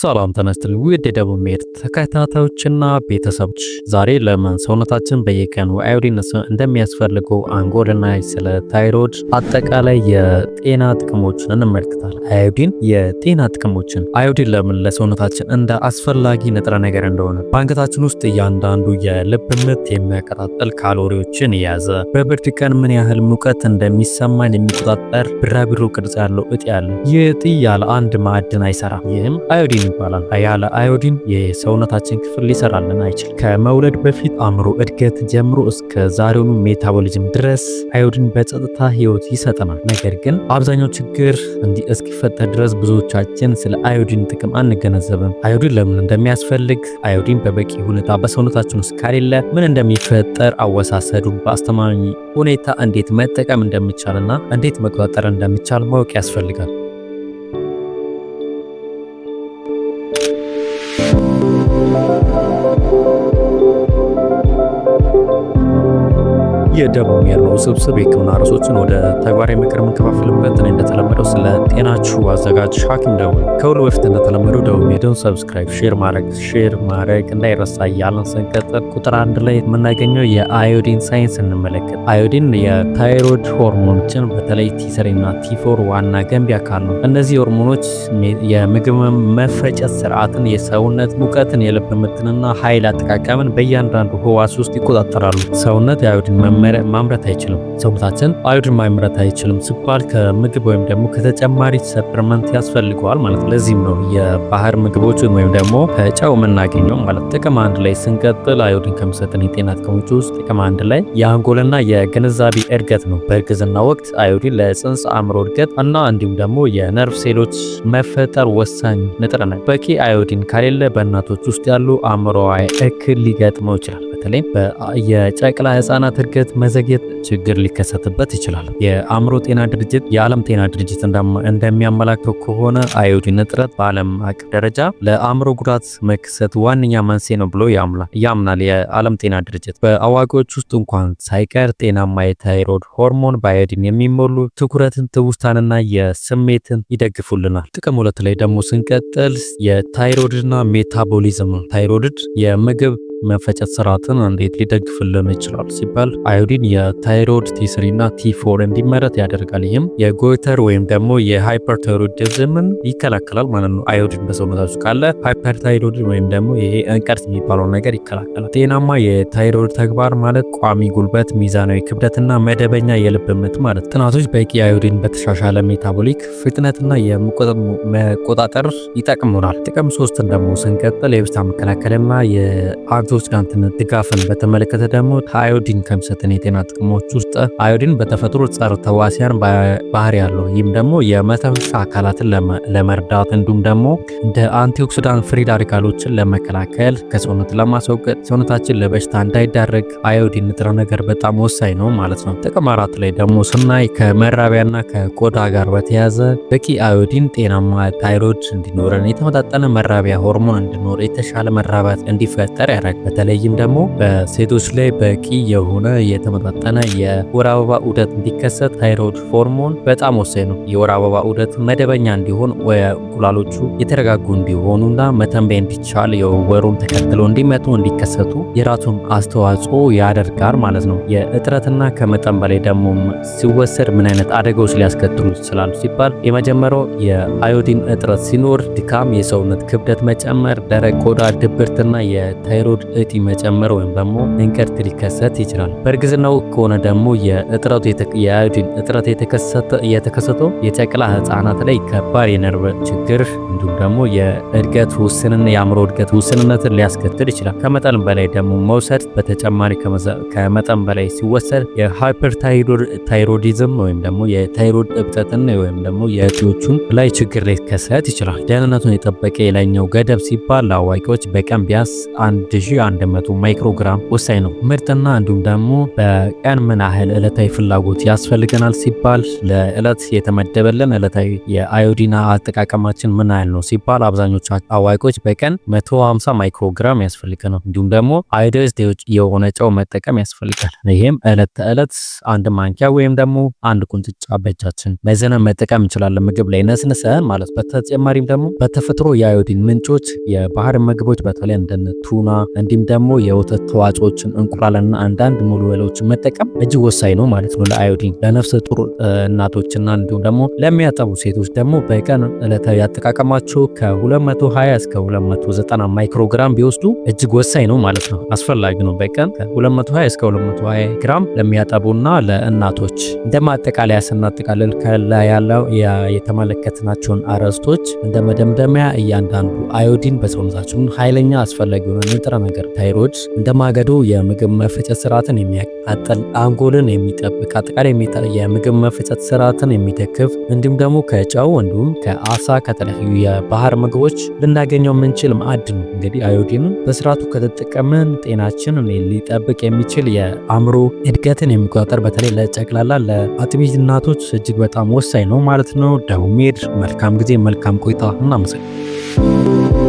ሰላም ተነስትል ውድ የደቡብ ሜድ ተከታታዮችና ቤተሰቦች፣ ዛሬ ለምን ሰውነታችን በየቀኑ አዮዲን እንደሚያስፈልገው አንጎልና ስለ ታይሮይድ አጠቃላይ የጤና ጥቅሞችን እንመለከታለን። አዮዲን የጤና ጥቅሞችን አዮዲን ለምን ለሰውነታችን እንደ አስፈላጊ ንጥረ ነገር እንደሆነ በአንገታችን ውስጥ እያንዳንዱ የልብ ምት የሚያቀጣጥል ካሎሪዎችን የያዘ በብርድ ቀን ምን ያህል ሙቀት እንደሚሰማን የሚቆጣጠር ቢራቢሮ ቅርጽ ያለው እጢ ያለው ይህ እጢ ያለ አንድ ማዕድን አይሰራም። ይህም አዮዲን ይባላል። ያለ አዮዲን የሰውነታችን ክፍል ሊሰራልን አይችልም። ከመውለድ በፊት አእምሮ እድገት ጀምሮ እስከ ዛሬውኑ ሜታቦሊዝም ድረስ አዮዲን በጸጥታ ህይወት ይሰጠናል። ነገር ግን አብዛኛው ችግር እንዲህ እስኪፈጠር ድረስ ብዙዎቻችን ስለ አዮዲን ጥቅም አንገነዘብም። አዮዲን ለምን እንደሚያስፈልግ፣ አዮዲን በበቂ ሁኔታ በሰውነታችን ውስጥ ከሌለ ምን እንደሚፈጠር፣ አወሳሰዱ በአስተማማኝ ሁኔታ እንዴት መጠቀም እንደሚቻልና እንዴት መቆጣጠር እንደሚቻል ማወቅ ያስፈልጋል። የደቡብ ያለው ስብስብ የህክምና ርዕሶችን ወደ ተግባር ምክር የምንከፋፍልበትን እንደተለመደው ስለ ጤናችሁ አዘጋጅ ሐኪም ደውል። ከሁሉ በፊት እንደተለመደው ደቡብ ሜድን ሰብስክራይብ፣ ሼር ማድረግ ሼር ማድረግ እንዳይረሳ እያለን ስንቀጥል ቁጥር አንድ ላይ የምናገኘው የአዮዲን ሳይንስ እንመለከት። አዮዲን የታይሮድ ሆርሞኖችን በተለይ ቲሰሪ እና ቲፎር ዋና ገንቢ አካል ነው። እነዚህ ሆርሞኖች የምግብ መፈጨት ስርዓትን፣ የሰውነት ሙቀትን፣ የልብ ምትንና ኃይል አጠቃቀምን በእያንዳንዱ ህዋስ ውስጥ ይቆጣጠራሉ። ሰውነት የአዮዲን መመ ማምረት አይችልም። ሰውነታችን አዮዲን ማምረት አይችልም ሲባል ከምግብ ወይም ደግሞ ከተጨማሪ ሰፕልመንት ያስፈልገዋል ማለት ነው። ለዚህም ነው የባህር ምግቦችን ወይም ደግሞ ከጨው የምናገኘው ማለት ጥቅም አንድ ላይ ስንቀጥል አዮዲን ከሚሰጠን የጤና ጥቅሞች ውስጥ ጥቅም አንድ ላይ የአንጎልና የግንዛቤ እድገት ነው። በእርግዝና ወቅት አዮዲን ለጽንስ አእምሮ እድገት እና እንዲሁም ደግሞ የነርቭ ሴሎች መፈጠር ወሳኝ ንጥረ ነው። በቂ አዮዲን ከሌለ በእናቶች ውስጥ ያሉ አእምሮዊ እክል ሊገጥመው ይችላል። በተለይ የጨቅላ ህጻናት እድገት መዘግየት ችግር ሊከሰትበት ይችላል። የአእምሮ ጤና ድርጅት የዓለም ጤና ድርጅት እንደሚያመላክተው ከሆነ አዮዲን እጥረት በዓለም አቀፍ ደረጃ ለአእምሮ ጉዳት መከሰት ዋነኛ መንስኤ ነው ብሎ ያምናል። የዓለም ጤና ድርጅት በአዋቂዎች ውስጥ እንኳን ሳይቀር ጤናማ የታይሮድ ሆርሞን በአዮዲን የሚሞሉ ትኩረትን፣ ትውስታንና የስሜትን ይደግፉልናል። ጥቅም ሁለት ላይ ደግሞ ስንቀጥል የታይሮድና ሜታቦሊዝም ታይሮድድ የምግብ መፈጨት ስርዓትን እንዴት ሊደግፍልን ይችላል ሲባል አዮዲን የታይሮድ ቲ እና ቲ4 እንዲመረት ያደርጋል። ይህም የጎይተር ወይም ደግሞ የሃይፐርታይሮይዲዝምን ይከላከላል ማለት ነው። አዮዲን በሰውነታችሁ ካለ ሃይፐርታይሮይድ ወይም ደግሞ ይሄ እንቅርት የሚባለውን ነገር ይከላከላል። ጤናማ የታይሮይድ ተግባር ማለት ቋሚ ጉልበት፣ ሚዛናዊ ክብደትና መደበኛ የልብ ምት ማለት። ጥናቶች በቂ አዮዲን በተሻሻለ ሜታቦሊክ ፍጥነትና መቆጣጠር ይጠቅሙናል። ጥቅም ሶስትን ደግሞ ስንቀጥል የበሽታ መከላከልና ኦክሲዳንትነት ድጋፍን በተመለከተ ደግሞ ከአዮዲን ከሚሰጥን የጤና ጥቅሞች ውስጥ አዮዲን በተፈጥሮ ጸረ ተዋሲያን ባህሪ ያለው ይህም ደግሞ የመተንፈሻ አካላትን ለመርዳት እንዲሁም ደግሞ እንደ አንቲኦክሲዳንት ፍሪ ራዲካሎችን ለመከላከል ከሰውነት ለማስወገድ ሰውነታችን ለበሽታ እንዳይዳረግ አዮዲን ንጥረ ነገር በጣም ወሳኝ ነው ማለት ነው። ጥቅም አራት ላይ ደግሞ ስናይ ከመራቢያና ከቆዳ ጋር በተያያዘ በቂ አዮዲን ጤናማ ታይሮይድ እንዲኖረን፣ የተመጣጠነ መራቢያ ሆርሞን እንዲኖር፣ የተሻለ መራባት እንዲፈጠር ያደርጋል። በተለይም ደግሞ በሴቶች ላይ በቂ የሆነ የተመጣጠነ የወር አበባ ዑደት እንዲከሰት ታይሮድ ሆርሞን በጣም ወሳኝ ነው። የወር አበባ ዑደት መደበኛ እንዲሆን እንቁላሎቹ የተረጋጉ እንዲሆኑና መተንበይ እንዲቻል የወሩን ተከትሎ እንዲመጡ እንዲከሰቱ የራሱን አስተዋጽኦ ያደርጋል ማለት ነው። የእጥረትና ከመጠን በላይ ደግሞ ሲወሰድ ምን አይነት አደጋዎች ሊያስከትሉ ይችላሉ ሲባል የመጀመሪያው የአዮዲን እጥረት ሲኖር ድካም፣ የሰውነት ክብደት መጨመር፣ ደረቅ ቆዳ፣ ድብርትና የታይሮድ እጢ መጨመር ወይም ደግሞ እንቅርት ሊከሰት ይችላል። በእርግዝናው ከሆነ ደግሞ የእጥረቱ የአዮዲን እጥረት የተከሰተው የጨቅላ ህፃናት ላይ ከባድ የነርቭ ችግር እንዲሁም ደግሞ የእድገት ውስንን የአእምሮ እድገት ውስንነትን ሊያስከትል ይችላል። ከመጠን በላይ ደግሞ መውሰድ በተጨማሪ ከመጠን በላይ ሲወሰድ የሃይፐርታይሮዲዝም ወይም ደግሞ የታይሮድ እብጠትን ወይም ደግሞ የእጢዎቹን ላይ ችግር ሊከሰት ይችላል። ደህንነቱን የጠበቀ የላይኛው ገደብ ሲባል ለአዋቂዎች በቀን ቢያንስ አንድ ሺህ 100 ማይክሮግራም ወሳኝ ነው። ምርጥና እንዲሁም ደግሞ በቀን ምን ያህል ዕለታዊ ፍላጎት ያስፈልገናል ሲባል ለዕለት የተመደበልን ዕለታዊ የአዮዲና አጠቃቀማችን ምን ያህል ነው ሲባል አብዛኞቹ አዋቂዎች በቀን 150 ማይክሮግራም ያስፈልገናል። እንዲሁም ደግሞ አዮዳይዝድ የሆነ ጨው መጠቀም ያስፈልጋል። ይህም ዕለት ተዕለት አንድ ማንኪያ ወይም ደግሞ አንድ ቁንጥጫ በእጃችን መዘነን መጠቀም እንችላለን ምግብ ላይ ነስንሰን ማለት። በተጨማሪም ደግሞ በተፈጥሮ የአዮዲን ምንጮች የባህር ምግቦች በተለይ እንደነ ቱና እንዲሁም ደግሞ የወተት ተዋጽኦችን እንቁላልና አንዳንድ ሙሉ እህሎችን መጠቀም እጅግ ወሳኝ ነው ማለት ነው ለአዮዲን ለነፍሰ ጡር እናቶችና እንዲሁም ደግሞ ለሚያጠቡ ሴቶች ደግሞ በቀን ዕለታዊ ያጠቃቀማቸው ከ220 እስከ 290 ማይክሮግራም ቢወስዱ እጅግ ወሳኝ ነው ማለት ነው። አስፈላጊ ነው። በቀን ከ220 እስከ 220 ግራም ለሚያጠቡና ለእናቶች እንደ ማጠቃለያ ስናጠቃልል ከላይ ያለው የተመለከትናቸውን አረስቶች እንደ መደምደሚያ እያንዳንዱ አዮዲን በሰውነታችን ኃይለኛ አስፈላጊ የሆነ ንጥረ ነገር ታይሮይድ እንደ ማገዶ የምግብ መፈጨት ስርዓትን የሚያቃጥል አንጎልን የሚጠብቅ አጠቃላይ የምግብ መፈጨት ስርዓትን የሚደግፍ እንዲሁም ደግሞ ከጨው እንዲሁም ከአሳ ከተለያዩ የባህር ምግቦች ልናገኘው የምንችል ማዕድ ነው። እንግዲህ አዮዲን በስርዓቱ ከተጠቀምን ጤናችን ሊጠብቅ የሚችል የአእምሮ እድገትን የሚቆጣጠር በተለይ ለጨቅላላ ለአጥቢ እናቶች እጅግ በጣም ወሳኝ ነው ማለት ነው። ደቡሜድ መልካም ጊዜ፣ መልካም ቆይታ። እናመሰግናለን።